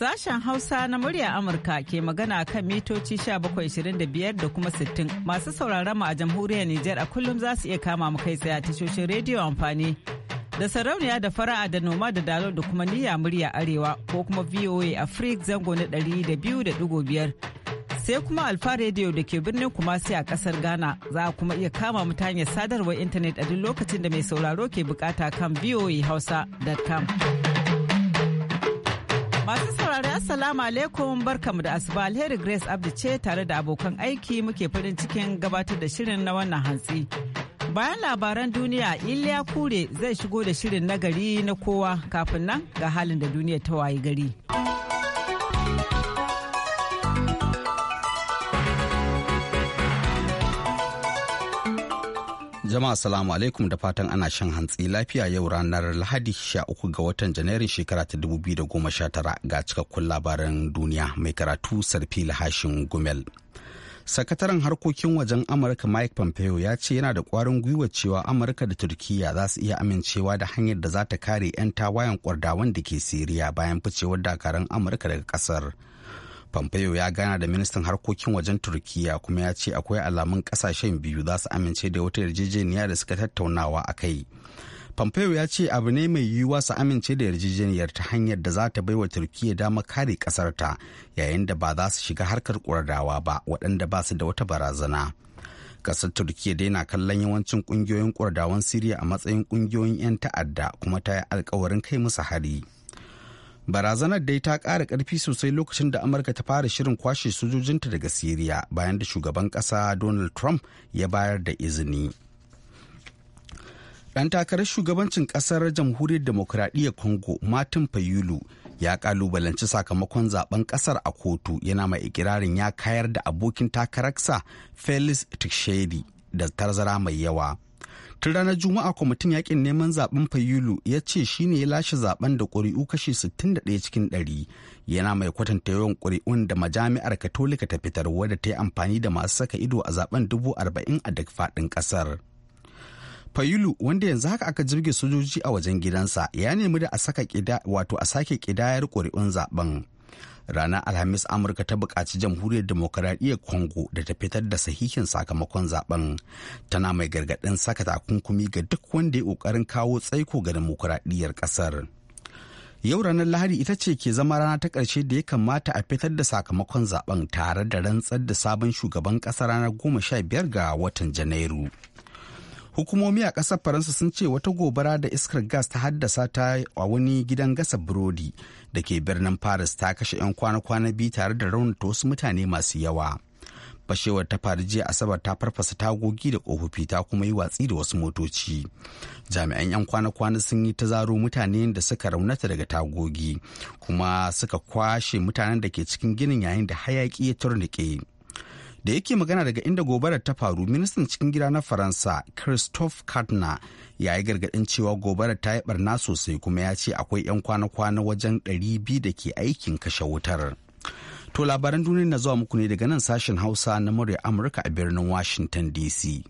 Sashen Hausa na murya Amurka ke magana kan mitoci 1725 da kuma 60 masu sauraron mu a jamhuriyar Nijar a kullum za su iya kama mu kai tsaye a tashoshin rediyo amfani da sarauniya da fara'a da noma da dalo da kuma niyya murya arewa ko kuma VOA Africa zango na 200.5 sai kuma alfa rediyo da ke birnin Kumasi a kasar Ghana za a kuma iya kama mu ta hanyar sadarwar intanet a duk lokacin da mai sauraro ke bukata kan voahausa.com. Masu saurare Assalamu alaikum barkamu da asuba alheri Grace Abdi ce tare da abokan aiki muke farin cikin gabatar da shirin na wannan hantsi. Bayan labaran duniya Iliya Kure zai shigo da shirin nagari na kowa kafin nan ga halin da duniya ta wayi gari. Jama'a salamu alaikum da fatan ana shan hantsi lafiya yau ranar Lahadi 13 ga watan Janairun shekara ta 2019 ga cikakkun labaran duniya mai karatu sarfi laHashin Gumel. Sakataren harkokin wajen Amurka Mike Pompeo ya ce yana da kwarin gwiwa cewa Amurka da Turkiyya za su iya amincewa da hanyar da za ta kare 'yan tawayen kwardawan da ke Siriya bayan ficewar dakarun Amurka daga kasar. Pompeo ya gana da ministan harkokin wajen Turkiyya kuma ya ce akwai alamun kasashen biyu za su amince da wata yarjejeniya da suka tattaunawa a kai. Pompeo ya ce abu ne mai yiwuwa su amince da yarjejeniyar ta hanyar da za ta baiwa Turkiyya dama kare kasarta yayin da ba za su shiga harkar ƙuradawa ba waɗanda ba su da wata barazana. Kasar Turkiyya dai na kallon yawancin ƙungiyoyin ƙuradawan Siriya a matsayin ƙungiyoyin 'yan ta'adda kuma ta yi alkawarin kai musu hari. Barazanar dai ta ƙara ƙarfi sosai lokacin da Amurka ta fara shirin kwashe sojojinta daga Siriya bayan da shugaban ƙasa Donald Trump ya bayar da izini. Ɗan takarar shugabancin ƙasar jamhuriyar demokuraɗiyyar Congo Martin Fayulu ya ƙalubalanci sakamakon zaben ƙasar a kotu yana mai ikirarin ya kayar da abokin takararsa Felix Tshisekedi da tarzara mai yawa. tun ranar juma'a kwamitin yakin neman zaben fayulu ya ce shi ne ya lashe zaben da ƙuri'u kashi 61 cikin 100 yana mai kwatanta yawan ƙuri'un da majami'ar katolika ta fitar wadda ta yi amfani da masu saka ido a zaben 40,000 a duk faɗin ƙasar fayulu wanda yanzu haka aka jirge sojoji a wajen gidansa ya nemi da a saka wato a sake ƙidayar ƙuri'un zaben ranar alhamis amurka ta buƙaci jamhuriyar demokaradiyyar congo da ta fitar da sahihin sakamakon zaben tana mai gargaɗin saka takunkumi ga duk wanda ya ƙoƙarin kawo tsaiko ga demokaradiyyar ƙasar yau ranar lahadi ita ce ke zama rana ta ƙarshe da ya kamata a fitar da sakamakon zaben tare da rantsar da sabon shugaban ƙasa ranar goma sha biyar ga watan janairu hukumomi a ƙasar faransa sun ce wata gobara da iskar gas ta haddasa ta a wani gidan gasa burodi da ke birnin paris ta kashe 'yan kwana-kwana biyu tare da raunata wasu mutane masu yawa fashewar ta faru jiya asabar ta farfasa tagogi da kofofi ta kuma yi watsi da wasu motoci jami'an 'yan kwana-kwana sun yi ta zaro mutane da suka raunata daga tagogi kuma suka kwashe mutanen da ke cikin ginin yayin da hayaki ya turnike. da yake magana daga inda gobarar ta faru ministan cikin gida na faransa christophe cardinal ya yi gargaɗin cewa gobarar ta yi barna sosai kuma ya ce akwai 'yan kwana-kwana wajen 200 da ke aikin kashe wutar to labaran duniya na zuwa muku ne daga nan sashen hausa na murya amurka a birnin washington dc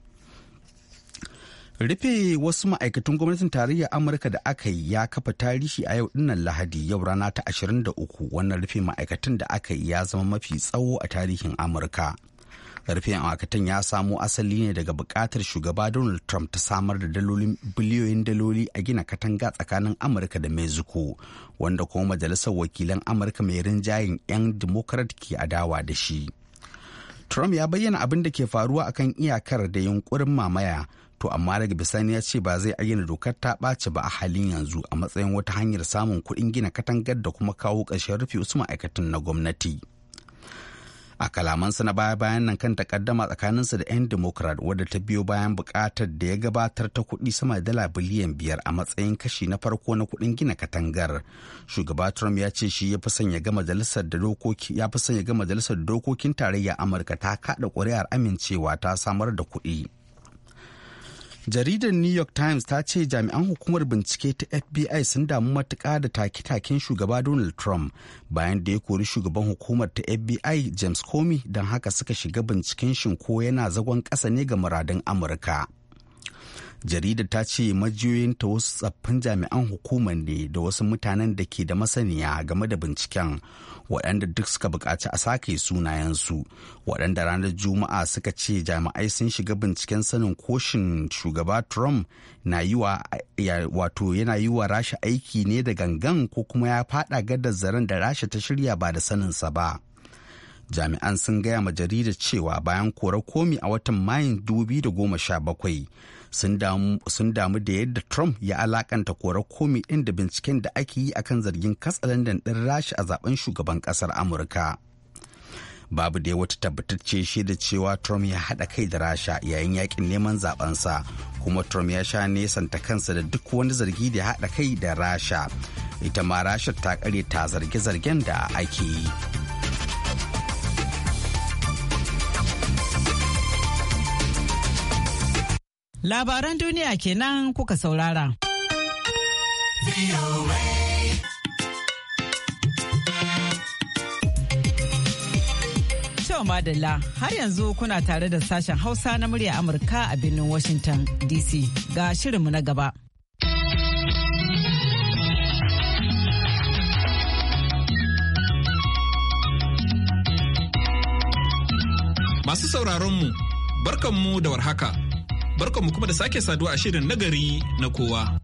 rufe wasu ma'aikatan gwamnatin tarayyar amurka da aka yi ya kafa tarihi a yau dinnan lahadi yau rana ta 23 wannan rufe ma'aikatan da aka yi ya zama mafi tsawo a tarihin amurka Karfin ma'aikatan ya samo asali ne daga bukatar shugaba Donald Trump ta samar da dalolin biliyoyin daloli a gina katanga tsakanin Amurka da Mexico, wanda kuma majalisar wakilan Amurka mai rinjayen 'yan Democrat ke adawa da shi. Trump ya bayyana abin da ke faruwa akan iyakar da yunkurin mamaya to amma daga bisani ya ce ba zai ayyana dokar ta ɓaci ba a halin yanzu a matsayin wata hanyar samun kuɗin gina katangar da kuma kawo ƙarshen rufe wasu ma'aikatan na gwamnati. a kalamansa na baya-bayan nan kan takaddama sa da 'yan democrat wadda ta biyo bayan bukatar da ya gabatar ta kuɗi sama da dala biliyan biyar a matsayin kashi na farko na kuɗin gina katangar shugaba trump ya ce shi ya fi sanya ga da dokoki ya fi sanya ga majalisar dokokin tarayya amurka ta kaɗa ƙuri'ar amincewa ta samar da kuɗi jaridar new york times ta ce jami'an hukumar bincike ta fbi sun damu matuƙa da take-taken shugaba donald trump bayan da ya kori shugaban hukumar ta fbi james comey don haka suka shiga binciken shin ko yana zagon ƙasa ne ga muradun amurka jaridar ta ce majiyoyinta wasu tsaffin jami'an hukumar ne da wasu mutanen da ke da masaniya game da binciken waɗanda duk suka buƙaci a sake sunayensu waɗanda ranar juma'a suka ce jami'ai sun shiga binciken sanin koshin shugaba trump na yi wato yana yi wa rasha aiki ne da gangan ko kuma ya faɗa gadar zaren da rasha ta shirya ba da saninsa ba jami'an sun gaya ma jaridar cewa bayan kore komi a watan mayun 2017 sun damu da yadda Trump ya alakanta kora komi ɗin da binciken da ake yi akan zargin katsalandan ɗin rashi a zaben shugaban ƙasar Amurka. Babu da wata tabbatacce da cewa Trump ya haɗa kai da rasha yayin yakin neman zabensa kuma Trump ya sha nesanta kansa da duk wani zargi da ya haɗa kai da rasha. Ita ma rashar ta ƙare ta zarge-zargen da ake yi. Labaran duniya kenan kuka saurara. Yau Madalla har yanzu kuna tare da sashen Hausa na murya Amurka a birnin Washington DC ga shirinmu na gaba. Masu sauraronmu, barkanmu da warhaka. mu kuma da sake saduwa a shirin nagari na kowa.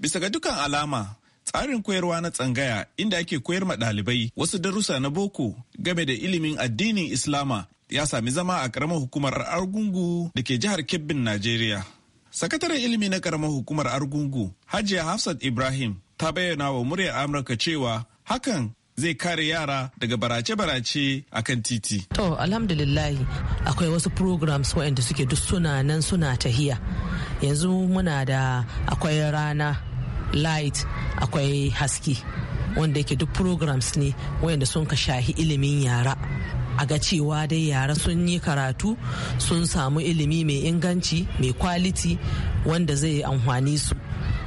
Bisa ga dukan alama, tsarin koyarwa na tsangaya inda ake koyar ma ɗalibai wasu darussa na boko game da ilimin addinin Islama ya sami zama a ƙaramar hukumar Argungu da ke jihar Kebbin, Najeriya. sakataren ilimi na karamar hukumar argungu hajiya hafsat ibrahim ta bayyana wa muryar amurka cewa hakan zai kare yara daga barace-barace a kan titi. To, alhamdulillahi akwai wasu programs wa'anda suke duk suna nan suna tahiya. Yanzu muna da akwai rana light akwai haski wanda yake duk programs ne wayanda sun ka shahi ilimin yara. a ga cewa dai yara sun yi karatu sun samu ilimi mai inganci mai kwaliti wanda zai yi amfani su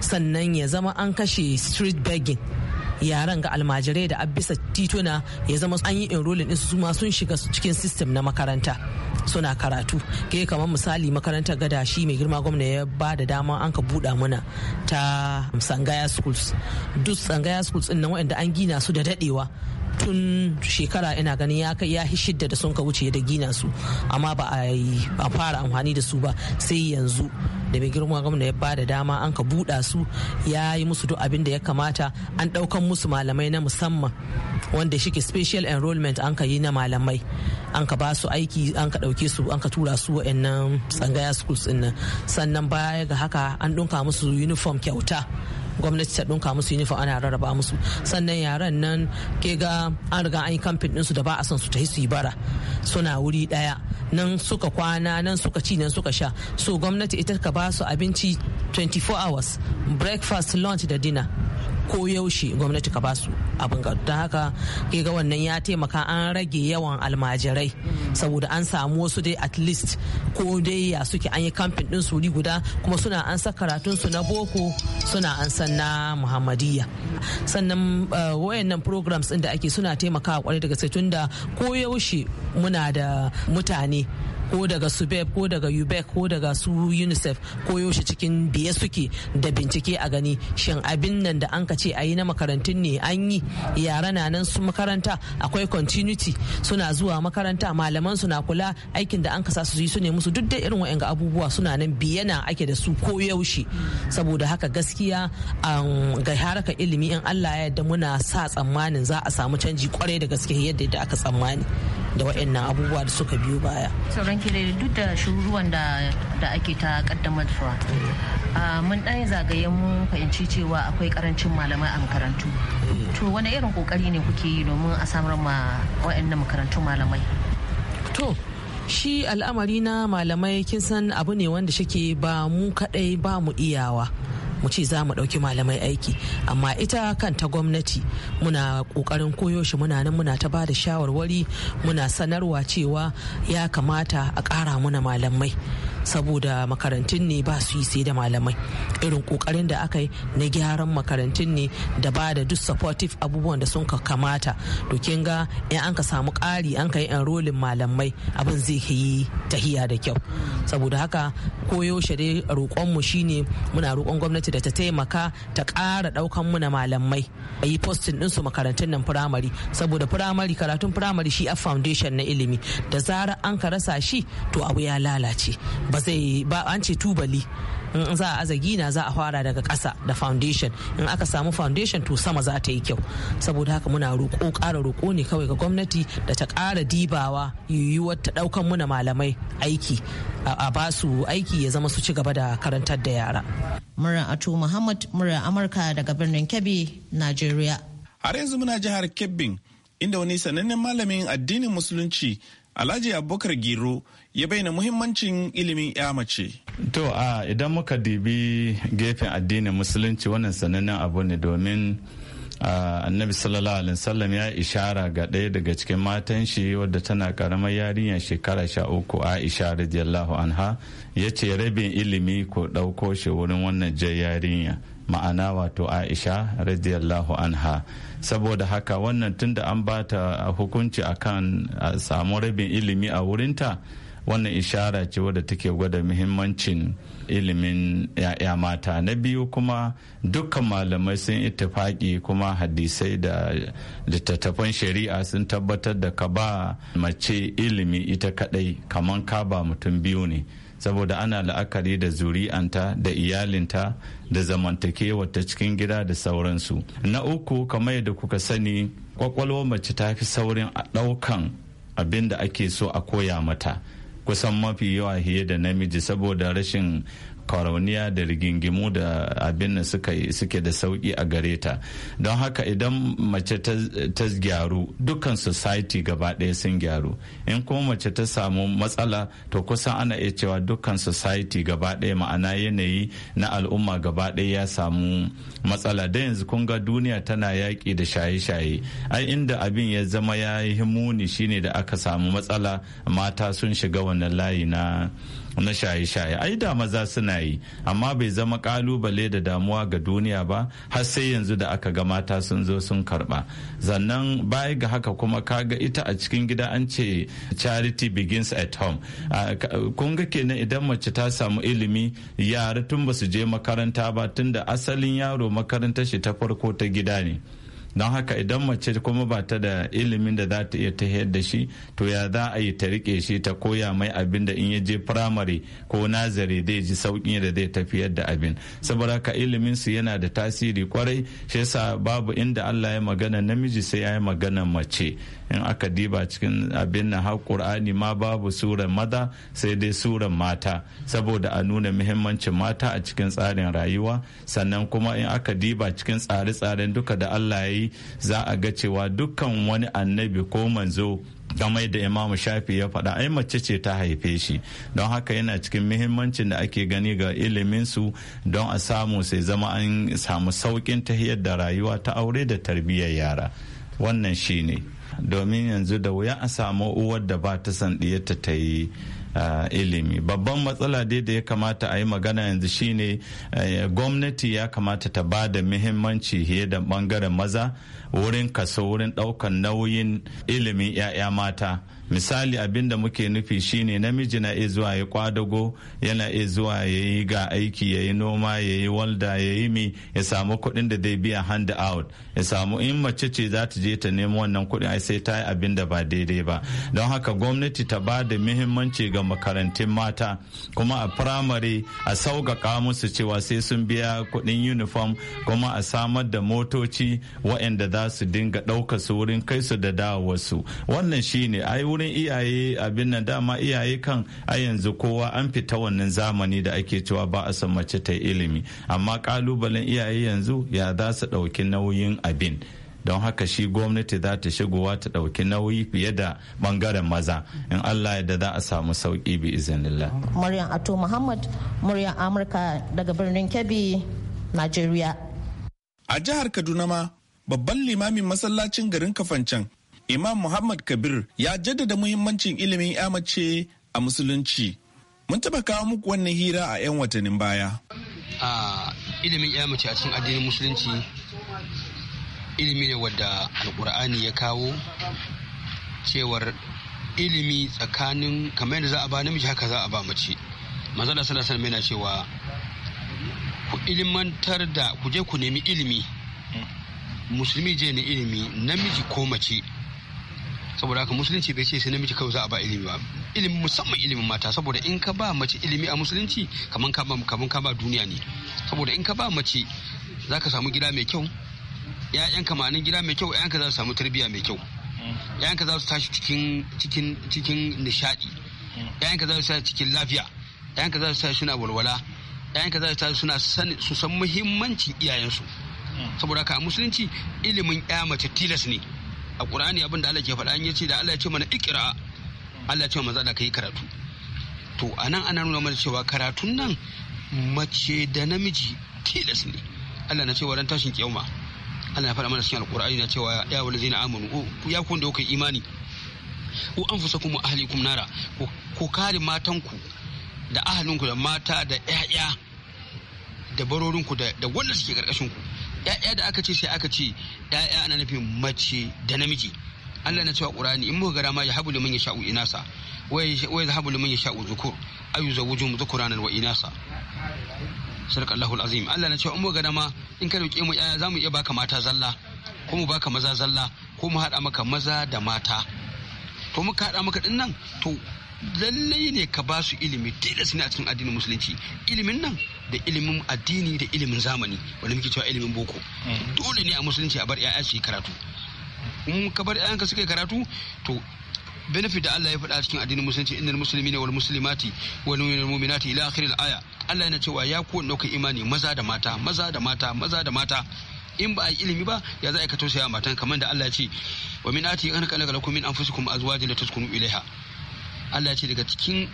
sannan ya zama an kashe street begging yaran ga almajirai da abisa tituna ya zama an yi enrolling din su ma sun shiga cikin system na makaranta suna karatu ke kamar misali makarantar gada shi mai girma gwamna ya ba da dama an ka buɗa mana ta sangaya schools duk sangaya schools din nan wa'anda an gina su da daɗewa. tun shekara ina ganin ya kai ya shidda da sun ka wuce da gina su amma ba a fara amfani da su ba sai yanzu da mai girma gwamna ya bada dama an ka buɗa su ya yi musu duk abin da ya kamata an ɗaukan musu malamai na musamman wanda shike special enrollment an ka yi na malamai an ka ba su aiki an ka ɗauke su an ka tura su wa'annan tsangaya schools ɗin nan sannan baya ga haka an ɗunka musu uniform kyauta gwamnati ta ɗunka musu uniform ana rarraba musu sannan yaran nan ke ga an riga an yi kamfin ɗinsu da ba a son su ta yi su yi bara suna wuri ɗaya nan suka kwana nan suka ci nan suka sha so gwamnati ita ka ba su abinci 24 hours breakfast lunch da dinner ko yaushe gwamnati ka basu abin ga don haka ke ga wannan ya taimaka an rage yawan almajirai saboda an samu wasu dai at least ko dai ya suke an yi kamfin din su guda kuma suna an sa karatun su na boko suna an san na muhammadiyya sannan eh, wayannan programs din da ake suna taimakawa kwarai da gaske tunda ko yaushe muna da mutane ko daga subeb ko daga ubec ko daga su unicef ko yaushe cikin biye suke da bincike a gani shin abin nan da an ka ce a yi na makarantun ne an yi yara na nan su makaranta akwai continuity suna zuwa makaranta malaman suna kula aikin da an kasa su yi su ne musu duk da irin wa'in abubuwa suna nan biye na ake da su ko yaushe saboda haka gaskiya um, ga haraka ilimi in Allah ya yadda muna sa tsammanin za a samu canji kwarai da gaske yadda aka tsammani. da waɗannan abubuwa da suka biyo baya sauran kire duk da shuruwan da ake ta kaddamar mm. ah, mun ɗan zagaye mun fahimci cewa akwai karancin malamai a makarantu mm. to wani irin kokari ne kuke yi domin a samar ma waɗannan makarantun malamai to shi al'amari na malamai kin san abu ne wanda shike ba mu kaɗai ba mu iyawa mu ce za mu ɗauki malamai aiki amma ita kanta gwamnati muna ƙoƙarin koyo shi muna nan muna ta bada shawarwari muna sanarwa cewa ya kamata a ƙara muna malamai saboda makarantun ne ba su yi sai da malamai irin kokarin da aka yi na gyaran makarantun ne da ba da duk supportive abubuwan da sun kamata to kin ga in an ka samu ƙari an ka yi enrolling malamai abin zai yi tahiya da kyau saboda haka koyo koyaushe dai mu shine muna roƙon gwamnati da ta taimaka ta ƙara ɗaukan muna malamai a yi postin ɗinsu makarantun nan firamare saboda firamare karatun firamare shi a foundation na ilimi da zarar an ka rasa shi to abu ya lalace ba zai ba an ce tubali in za a azagi na za a fara daga ƙasa da foundation in aka samu foundation to sama za ta yi kyau saboda haka muna roƙo ƙara roƙo ne kawai ga gwamnati da ta ƙara dibawa yiwuwar ta ɗaukan muna malamai aiki a ba su aiki ya zama su ci gaba da karantar da yara. Murar Atu Muhammad Murar Amurka daga birnin Kebbi, Najeriya. Har yanzu muna jihar kebbi inda wani sanannen malamin addinin Musulunci Alhaji Abubakar Giro ya bayyana muhimmancin ilimin ya mace. To a idan muka dibi gefen addinin musulunci wannan sanannen abu ne domin annabi sallallahu alaihi wasallam ya ishara ga ɗaya daga cikin matan shi wadda tana karamar yarinya shekara sha uku aisha radiyallahu anha ya ce rabin ilimi ko ɗauko shi wurin wannan jan yarinya ma'ana wato aisha radiyallahu anha saboda haka wannan tunda an bata hukunci akan samu rabin ilimi a wurinta wannan ishara ce wadda take gwada muhimmancin ilimin ya'ya mata na biyu kuma dukkan malamai sun ittifaki kuma hadisai da littattafan shari'a sun tabbatar da ka ba mace ilimi ita kadai kamar ka ba mutum biyu ne saboda ana la'akari da zuri'anta da iyalinta da zamantakewa ta cikin gida da sauransu na uku kamar yadda kuka sani kwakwalwar mace ta fi saurin a ɗaukan abin da ake so a koya mata kusan mafi yawa fiye da namiji saboda rashin kwarauniya da rigingimu da abin da suke da sauki a gare ta don haka idan mace ta gyaru dukkan society gaba ɗaya sun gyaru in kuma mace ta samu matsala to kusan ana iya cewa dukkan society gaba ɗaya ma'ana yanayi na al'umma gaba ɗaya ya samu matsala da yanzu kun ga duniya tana yaƙi da shaye-shaye ai inda abin ya zama ya yi muni shine da aka samu matsala mata sun shiga wannan layi na na shaye-shaye ai da maza suna yi amma bai zama kalubale da damuwa ga duniya ba har sai yanzu da aka ga mata sun zo sun karba sannan baya ga haka kuma kaga ita a cikin gida an ce charity begins at home kun ga kenan idan mace ta samu ilimi yara tun ba su je makaranta ba tunda asalin yaro makarantar shi ta farko ta gida ne don haka idan mace kuma ba ta da ilimin da za ta iya ta da shi to ya za a yi ta rike shi ta koya mai abin da in ya je firamare ko nazari zai ji sauƙin da zai tafiyar da abin saboda haka ilimin su yana da tasiri kwarai shi yasa babu inda Allah ya magana namiji sai ya yi magana mace in aka diba cikin abin na har qur'ani ma babu surar maza sai dai surar mata saboda a nuna muhimmancin mata a cikin tsarin rayuwa sannan kuma in aka diba cikin tsare-tsaren duka da Allah ya yi za a ga cewa dukkan wani annabi ko manzo gamai da imamu shafi ya faɗa ai mace ce ta haife shi don haka yana cikin muhimmancin da ake gani ga iliminsu don a samu sai zama an samu sauƙin ta da rayuwa ta aure da tarbiyyar yara wannan shi ne. domin yanzu da wuya a samu uwar da ba ta san ɗiyarta ta yi Uh, ilimi babban matsala dai da ya kamata a yi magana yanzu shine gwamnati ya kamata ta ba da muhimmanci fiye da bangaren maza wurin kaso wurin daukan nauyin ilimin 'ya'ya mata misali abin da muke nufi shine namiji na iya zuwa ya kwadago yana iya zuwa ya yi ga aiki ya yi noma ya yi walda ya yi mi ya samu kuɗin da zai biya hand out ya samu in mace ce za ta je ta nemo wannan kuɗin ai sai ta yi abin da ba daidai ba don haka gwamnati ta ba da muhimmanci ga makarantun mata kuma a firamare a sauƙaƙa musu cewa sai sun biya kuɗin uniform kuma a samar da motoci waɗanda za su dinga ɗauka su wurin kai su da wasu wannan shine ai wurin wurin iyaye abin nan dama iyaye kan a yanzu kowa an fita wannan zamani da ake cewa ba a san mace ta ilimi amma kalubalen iyaye yanzu ya za su ɗauki nauyin abin don haka shi gwamnati za ta shigowa ta ɗauki nauyi fiye da bangaren maza in allah da za a samu sauƙi bi izinillah. maryam ato muhammad muryan amurka daga birnin kebbi nigeria a jihar kaduna ma babban limamin masallacin garin kafancan Imam Muhammad Kabir ya jaddada muhimmancin ilimin ya mace a musulunci. Mun taɓa kawo muku wannan hira a 'yan watannin baya. A ilimin ya mace a cikin addinin musulunci ilimi ne wadda alkur'ani ya kawo cewar ilimi tsakanin kamar yadda za a ba namiji haka za a ba mace manzala sallallahu alaihi yana cewa ku ilimantar da ku je ku nemi ilimi hmm. musulmi je ne ilimi namiji ko mace saboda haka musulunci bai ce sai namiji kawai za a ba ilimi ba ilimi musamman ilimin mata saboda in ka ba mace ilimi a musulunci kaman ka kaman ka ba duniya ne saboda in ka ba mace za ka samu gida mai kyau ƴaƴan ma'anin gida mai kyau ka za su samu tarbiyya mai kyau ka za su tashi cikin cikin cikin nishadi ka za su tashi cikin lafiya ka za su tashi suna walwala ka za su tashi suna su san muhimmancin iyayensu saboda haka a musulunci ilimin ƴa mace tilas ne a qur'ani abin da Allah ke faɗa ya ce da Allah ya ce mana ikira Allah ya ce maza da yi karatu to anan ana nuna mana cewa karatun nan mace da namiji tilas ne Allah na cewa ran tashin kiyama Allah ya faɗa mana cikin alƙur'ani na cewa ya walazina amanu ya ku da kuka imani ku anfusakum wa ahlikum nara ku kare matanku da ahalinku da mata da 'ya'ya da barorinku da wanda suke ku 'ya'ya da aka ce sai aka ce 'ya'ya ana nufin mace da namiji Allah na cewa Qur'ani in muka gara ma ya habulu min yasha'u inasa wa ya habulu min yasha'u dhukur ayu zawujum dhukuranan wa inasa sarka Allahu azim Allah na cewa in muka gara ma in ka roke mu yaya zamu iya baka mata zalla ko mu baka maza zalla ko mu hada maka maza da mata to muka hada maka dinnan to lallai ne ka ba su ilimi tilas ne a cikin addinin musulunci ilimin nan da ilimin addini da ilimin zamani wanda muke cewa ilimin boko mm. dole ne a musulunci a bar 'ya'ya su yi karatu in ka bar 'ya'yanka suka yi karatu to benefit da Allah ya faɗa cikin addinin musulunci innal muslimina wal muslimati wal mu'minati ila akhir al-aya Allah yana cewa ya ku nauka imani maza da mata maza da mata maza da mata in ba a yi ilimi ba ya za a ka tausaya matan kamar da Allah ya ce wa min ati an kana lakum min anfusikum azwajin la taskunu ilaiha Allah ce daga cikin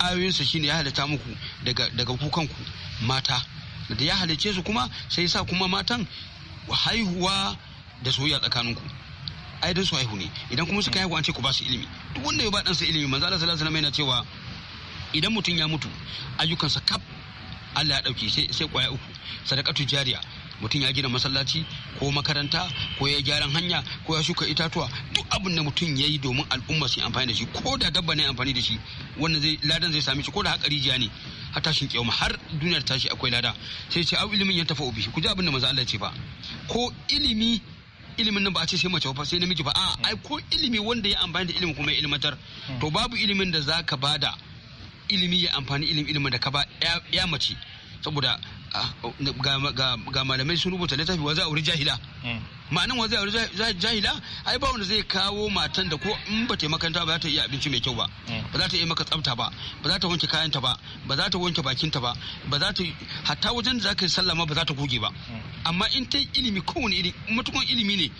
ayoyinsa shine ya halitta muku daga kukanku ku mata da ya halicce su kuma sai sa kuma matan haihuwa da soyayya tsakaninku ai dan su haihu ne idan kuma suka haihu an ce ku ba su ilimi duk wanda ya ba dan sa ilimi manzo Allah sallallahu alaihi wasallam yana cewa idan mutum ya mutu ayyukansa kaf Allah ya dauke sai sai kwaya uku sadaqatu jariya mutum ya gina masallaci ko makaranta ko ya gyaran hanya ko ya shuka itatuwa duk abin da mutum ya yi domin al'umma su amfani da shi ko da dabba ne amfani da shi wannan zai ladan zai same shi ko da haka rijiya ne har tashin kyauma har duniyar tashi akwai lada sai ce au ilimin ya tafa ubi ku ji abin da maza Allah ce ba ko ilimi ilimin nan ba a ce sai mace ba sai namiji ba a ai ko ilimi wanda ya amfani da ilimin kuma ya ilmantar to babu ilimin da zaka bada ilimi ya amfani ilimi ilimin da ka ba ya mace saboda ga malamai sun rubuta littafi wa za a wuri jahila hmm. ma'anin wa za a wuri jahila ai ba wanda zai kawo matan da ko in ba ta makanta ba za ta yi abinci mai kyau ba hmm. ba za ta iya maka tsafta ba ba za ta wanke kayanta ba ba za ta wanke bakinta ba ba za ta hatta wajen da za ka yi sallama ba za ta goge ba hmm. amma in ta yi ilimi kowane iri matukan ilimi ne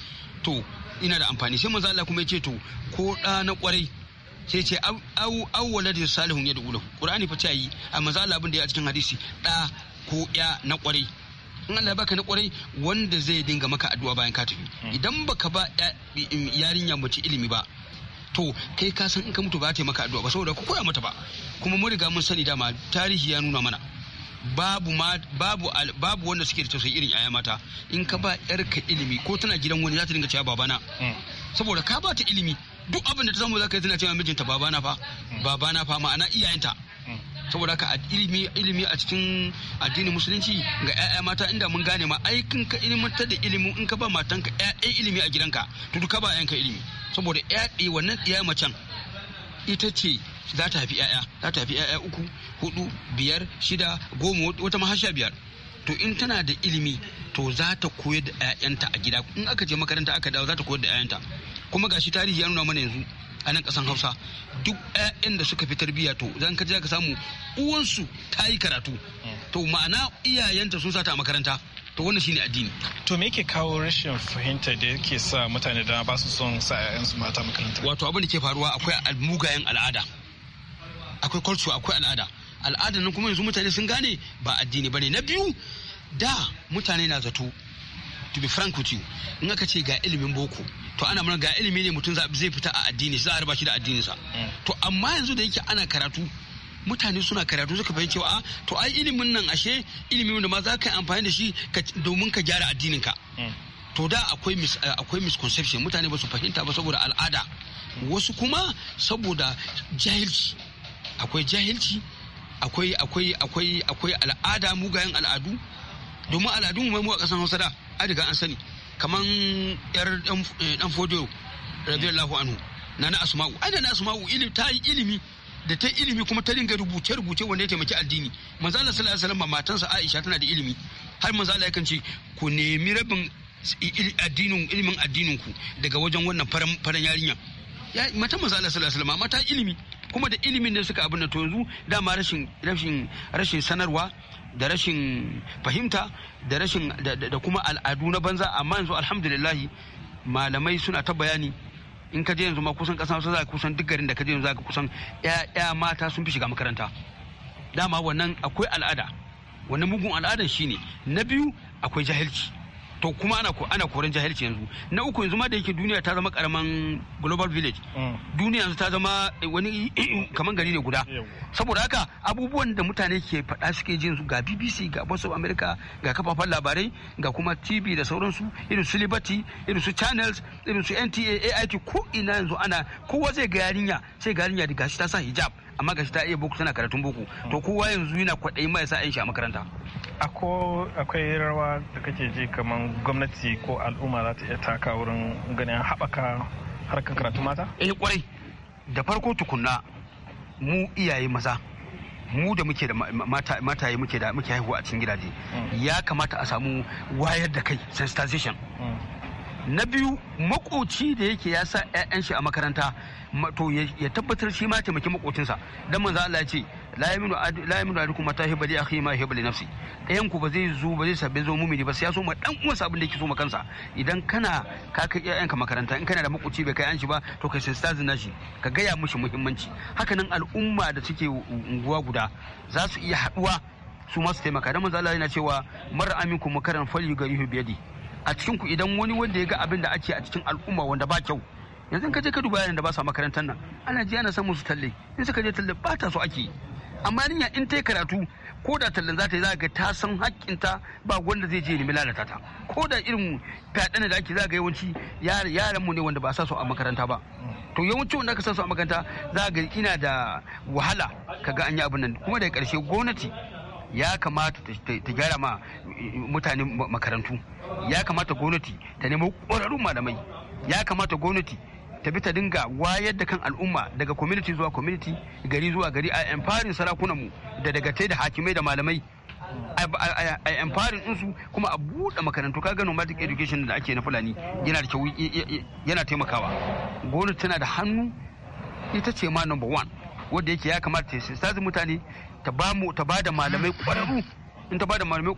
to ina da amfani sai manzo Allah kuma ya ce to ko da na kwarai sai ce au au walad salihun ya dubu lahu qur'ani fa ta yi amma za Allah abin da ya cikin hadisi da ko ya na kwarai in Allah baka na kwarai wanda zai dinga maka addu'a bayan ka tafi hmm. idan baka ba yarinya mace ilimi ba to kai ka san in ka mutu ba ta maka addu'a ba saboda ku koya mata ba kuma mun riga mun sani dama tarihi ya nuna mana babu ma babu babu wanda suke da tausayi irin yaya mata in ka ba yarka ilimi ko tana gidan wani za ta dinga cewa babana hmm. saboda ka ba ta ilimi duk abin da ta samu za ka yi tana cewa mijinta babana fa hmm. babana fa ma'ana iyayenta saboda ka ilimi ilimi a cikin addinin musulunci ga 'ya'ya mata inda mun gane ma ai kin ka ilimantar da ilimi in ka ba matanka 'ya'ya ilimi a gidanka to duka ba 'yanka ilimi saboda ƴaƴa eh, wannan ɗiya macen ita ce za ta fi 'ya'ya za ta fi 'ya'ya uku hudu biyar shida goma wata mahasha biyar to in tana da ilimi to za ta koyar da 'ya'yanta a gida in aka je makaranta aka dawo za ta koyar da 'ya'yanta kuma gashi tarihi ya nuna mana yanzu a nan kasan hausa duk 'ya'yan da suka fi tarbiyya to zan kaji ka samu uwansu ta yi karatu to ma'ana iyayenta sun sata a makaranta to wannan shine addini to me yake kawo rashin fahimta da yake sa mutane da ba su son sa 'ya'yansu mata makaranta wato abin da ke faruwa akwai mugayen al'ada akwai culture akwai al'ada al'ada nan kuma yanzu mutane sun gane ba addini bane na biyu da mutane na zato to be frank with you in aka ce ga ilimin boko to ana mana ga ilimi ne mutum zai fita a addini za a raba shi da addininsa mm. to amma yanzu da yake ana karatu mutane suna karatu suka fahimci a ah, to ai ilimin nan ashe ilimin da ma za ka yi amfani da shi domin ka gyara ka mm. to da akwai eh, akwai misconception mutane ba su fahimta ba saboda al'ada mm. wasu kuma saboda jahilci akwai jahilci akwai akwai akwai akwai al'ada mugayen al'adu domin al'adun mu a ƙasar hausa da a riga an sani kamar yar dan eh, fodiyo radiyallahu anhu na na asma'u ai na asma'u ilimi ta yi ilimi da ta ilimi kuma ta dinga rubuce rubuce wanda ya taimaki addini manzo Allah sallallahu alaihi wasallam matansa Aisha tana da ilimi har manzo Allah yakan ce ku nemi rabin addinin ilimin addinin ku daga wajen wannan faran yarinya mata manzo Allah sallallahu alaihi wasallam mata ilimi kuma da ilimin ne suka abin da to yanzu dama rashin rashin rashin sanarwa da rashin fahimta da rashin da kuma al'adu na banza amma yanzu alhamdulillah malamai suna ta bayani in ka je yanzu ma kusan kasan za ka kusan duk garin da ka je yanzu za ka kusan ya mata sun fi shiga makaranta dama wannan akwai al'ada wannan mugun al'adan shine na biyu akwai jahilci to kuma ana ana koran jahilci yanzu na uku yanzu ma da yake duniya ta zama karaman global village mm. duniya yanzu ta zama wani kaman gari ne guda saboda haka abubuwan da mutane ke faɗa suke jin su ga BBC ga Voice of America ga kafafen labarai ga kuma TV da sauransu irin su Liberty irin su Channels irin su NTA AIT ko ina yanzu ana kowa zai ga yarinya sai ga yarinya da gashi ta sa hijab amma gashi ta iya boko tana karatun boko to kowa yanzu yana kwaɗayi ma yasa ayin a makaranta akwai rawa da kake ji kamar gwamnati ko al'umma za ta iya taka wurin ganin haɓaka harkar karatun mata eh kwarai da farko tukunna mu iyaye maza mu da muke da mataye muke da muke haihuwa a cikin gidaje mm. ya kamata a samu wayar da kai sensitization mm. na biyu makoci da yake ya sa 'ya'yan shi a makaranta to ya tabbatar shi ma taimaki makocinsa don manzo Allah ya ce la yaminu alikum mata hiba li akhi ma hiba li nafsi ɗayan ku ba zai zo ba zai sabbin zo mumini ba sai ya so ma dan uwansa abin da yake so ma kansa idan kana ka kai ka makaranta in kana da makoci bai kai an shi ba to kai sistazin shi ka gaya mishi muhimmanci hakanan al'umma da suke unguwa guda za su iya haɗuwa su masu taimaka don manzo Allah yana cewa mar aminkum makaran falyugarihu biyadi a cikin ku idan wani wanda ya ga abin da ake a cikin al'umma wanda ba kyau yanzu ka je ka duba yaran da ba su makarantar nan ana ji ana san musu talle in suka je talle ba ta so ake amma ninya in ta yi karatu ko da tallan za ta yi za ga ta san hakkinta ba wanda zai je nemi lalata ta ko da irin fyaɗe da ake za ga yawanci yaran mu ne wanda ba sa su a makaranta ba to yawanci wanda ka sa su a makaranta za ga ina da wahala kaga an yi abin nan kuma da karshe gwamnati ya kamata ta gyara ma eh, mutane makarantu ya kamata gwamnati ta nemo ƙwararrun malamai ya kamata gwamnati ta bi ta dinga wayar da kan al'umma daga community zuwa community gari zuwa gari a emfarin sarakunanmu da daga tai da hakimai da malamai a emfarin insu kuma a buɗe makarantu kaga nomadic education da ake na fulani yana da kyau yana taimakawa gwamnati tana da hannu ita ce ma number one wadda yake ya kamata ta sassa mutane ta ba mu ta ba da malamai kwararru in ta ba malamai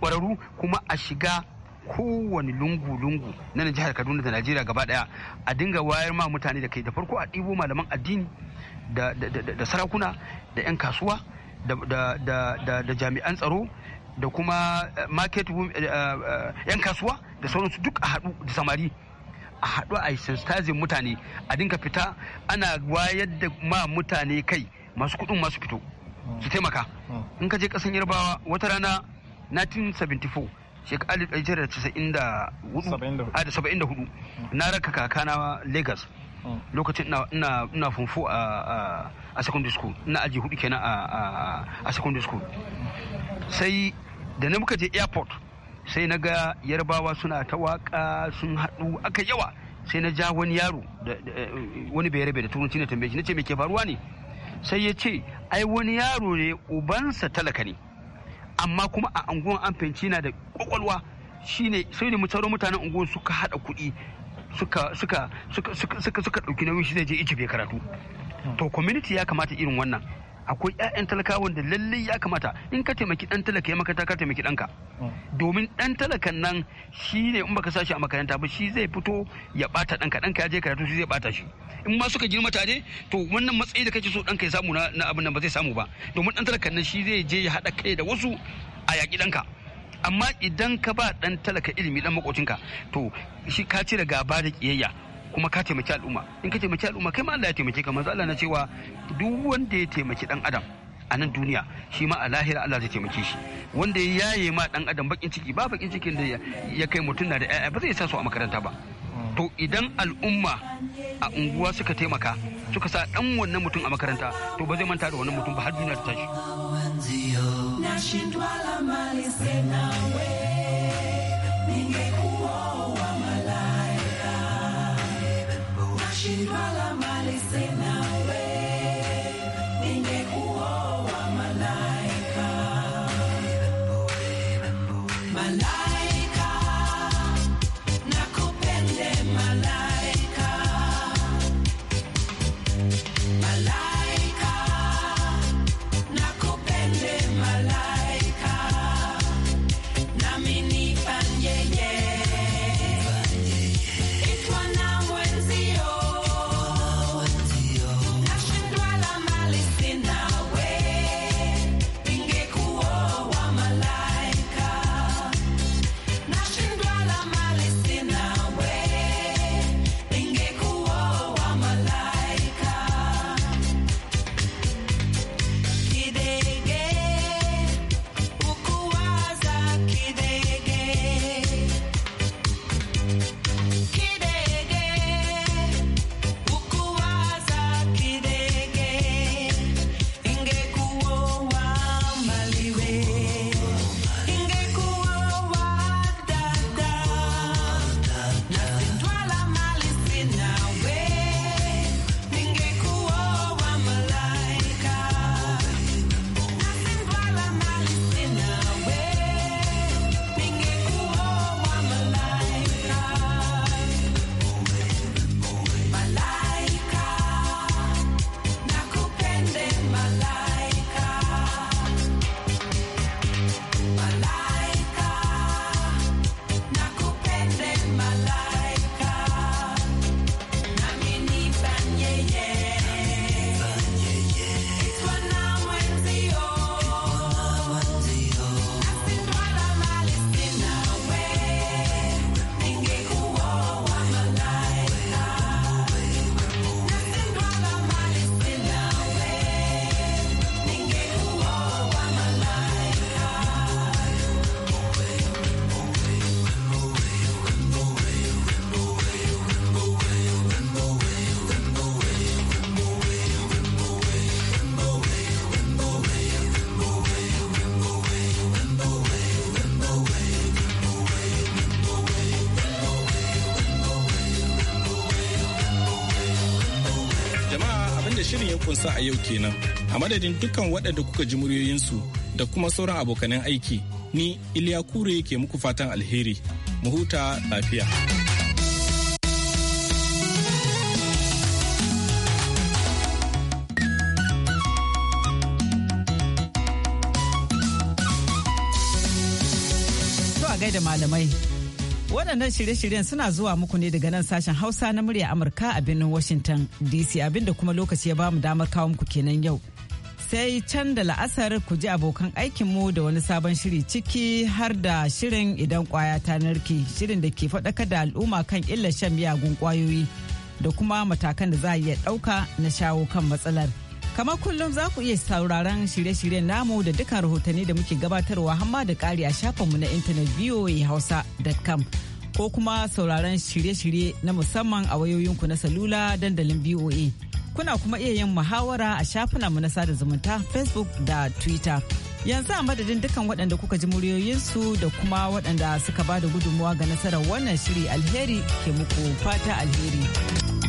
kwararru kuma a shiga kowane lungu-lungu na jihar kaduna da najeriya gaba daya a dinga wayar ma mutane da kai da farko a ɗibo malaman addini da sarakuna da 'yan kasuwa da jami'an tsaro da kuma eh, market 'yan eh, eh, kasuwa da sauransu duk a haɗu da samari a haɗu a sensitizing mutane a dinga fita ana wayar da ma mutane kai masu kuɗin masu fito Mm. Su taimaka mm. in ka je kasan yarbawa wata rana 1974 shekaru 1974 na raka kakana lagos mm. lokacin ina funfo a secondary school ina aji hudu kenan a secondary school sai da na muka je airport sai na ga yarbawa suna ta waka sun hadu aka yawa sai na ja wani yaro eh, wani bayarabe da turanci na tambaye shi na ce me ke faruwa ne sai ya ce ai wani yaro ne ubansa talaka ne amma kuma a unguwan an fahimci na da kwakwalwa shine sai ne mutaro mutanen unguwan suka hada kuɗi suka suka suka suka suka ɗauki nauyin shi zai je ijibe karatu hmm. to community ya kamata irin wannan akwai 'ya'yan talakawan da lallai ya kamata in ka taimaki dan talaka ya makata ka taimaki danka hmm. domin dan talakan nan shi ne in baka sashi a makaranta ba shi zai fito ya bata danka danka ya je karatu shi zai bata shi in ma suka girma tare to wannan matsayi da kake so danka ya samu na abin nan ba zai samu ba domin dan talakan nan shi zai je ya haɗa kai da wasu a yaƙi danka amma idan ka ba dan talaka ilimi dan makocinka to shi ka cire gaba da kiyayya kuma ka taimaki al'umma in ka taimaki al'umma kai ma Allah ya taimake ka manzo Allah na cewa duk wanda ya taimaki dan adam a nan duniya shi ma a lahira Allah zai taimake shi wanda ya yaye ma dan adam bakin ciki ba bakin cikin da ya kai mutum na da ƴaƴa ba zai sa su a makaranta ba to idan al'umma a unguwa suka taimaka suka sa dan wannan mutum a makaranta to ba zai manta da wannan mutum ba har duniya ta tashi dwala mali sena we Shirala. a yau kenan. A madadin dukkan waɗanda kuka ji muryoyinsu da kuma sauran abokanan aiki, ni Iliya Kure ke muku fatan alheri. Mu huta lafiya. gaida malamai Waɗannan shirye-shiryen suna zuwa muku ne daga nan sashen Hausa na murya Amurka a birnin Washington DC abinda kuma lokaci ya bamu damar kawo muku kenan yau. Sai can da la'asar ku ji abokan aikinmu da wani sabon shiri ciki har da shirin idan kwaya ta narke shirin da ke faɗaka da al'umma kan illar shan miyagun kwayoyi da kuma matakan da za a iya ɗauka na shawo kan matsalar. Kamar kullum za ku iya sauraron shirye-shiryen namu da dukkan rahotanni da muke gabatarwa hamma da ƙari a shafinmu na intanet voahausa.com ko kuma sauraron shirye-shirye na musamman a wayoyinku na salula dandalin VOA. Kuna kuma iya yin muhawara a shafinanmu na sada zumunta Facebook da Twitter. Yanzu a madadin dukkan waɗanda kuka ji muryoyinsu da kuma waɗanda suka ba da gudunmuwa ga nasarar wannan shiri alheri ke muku fata alheri.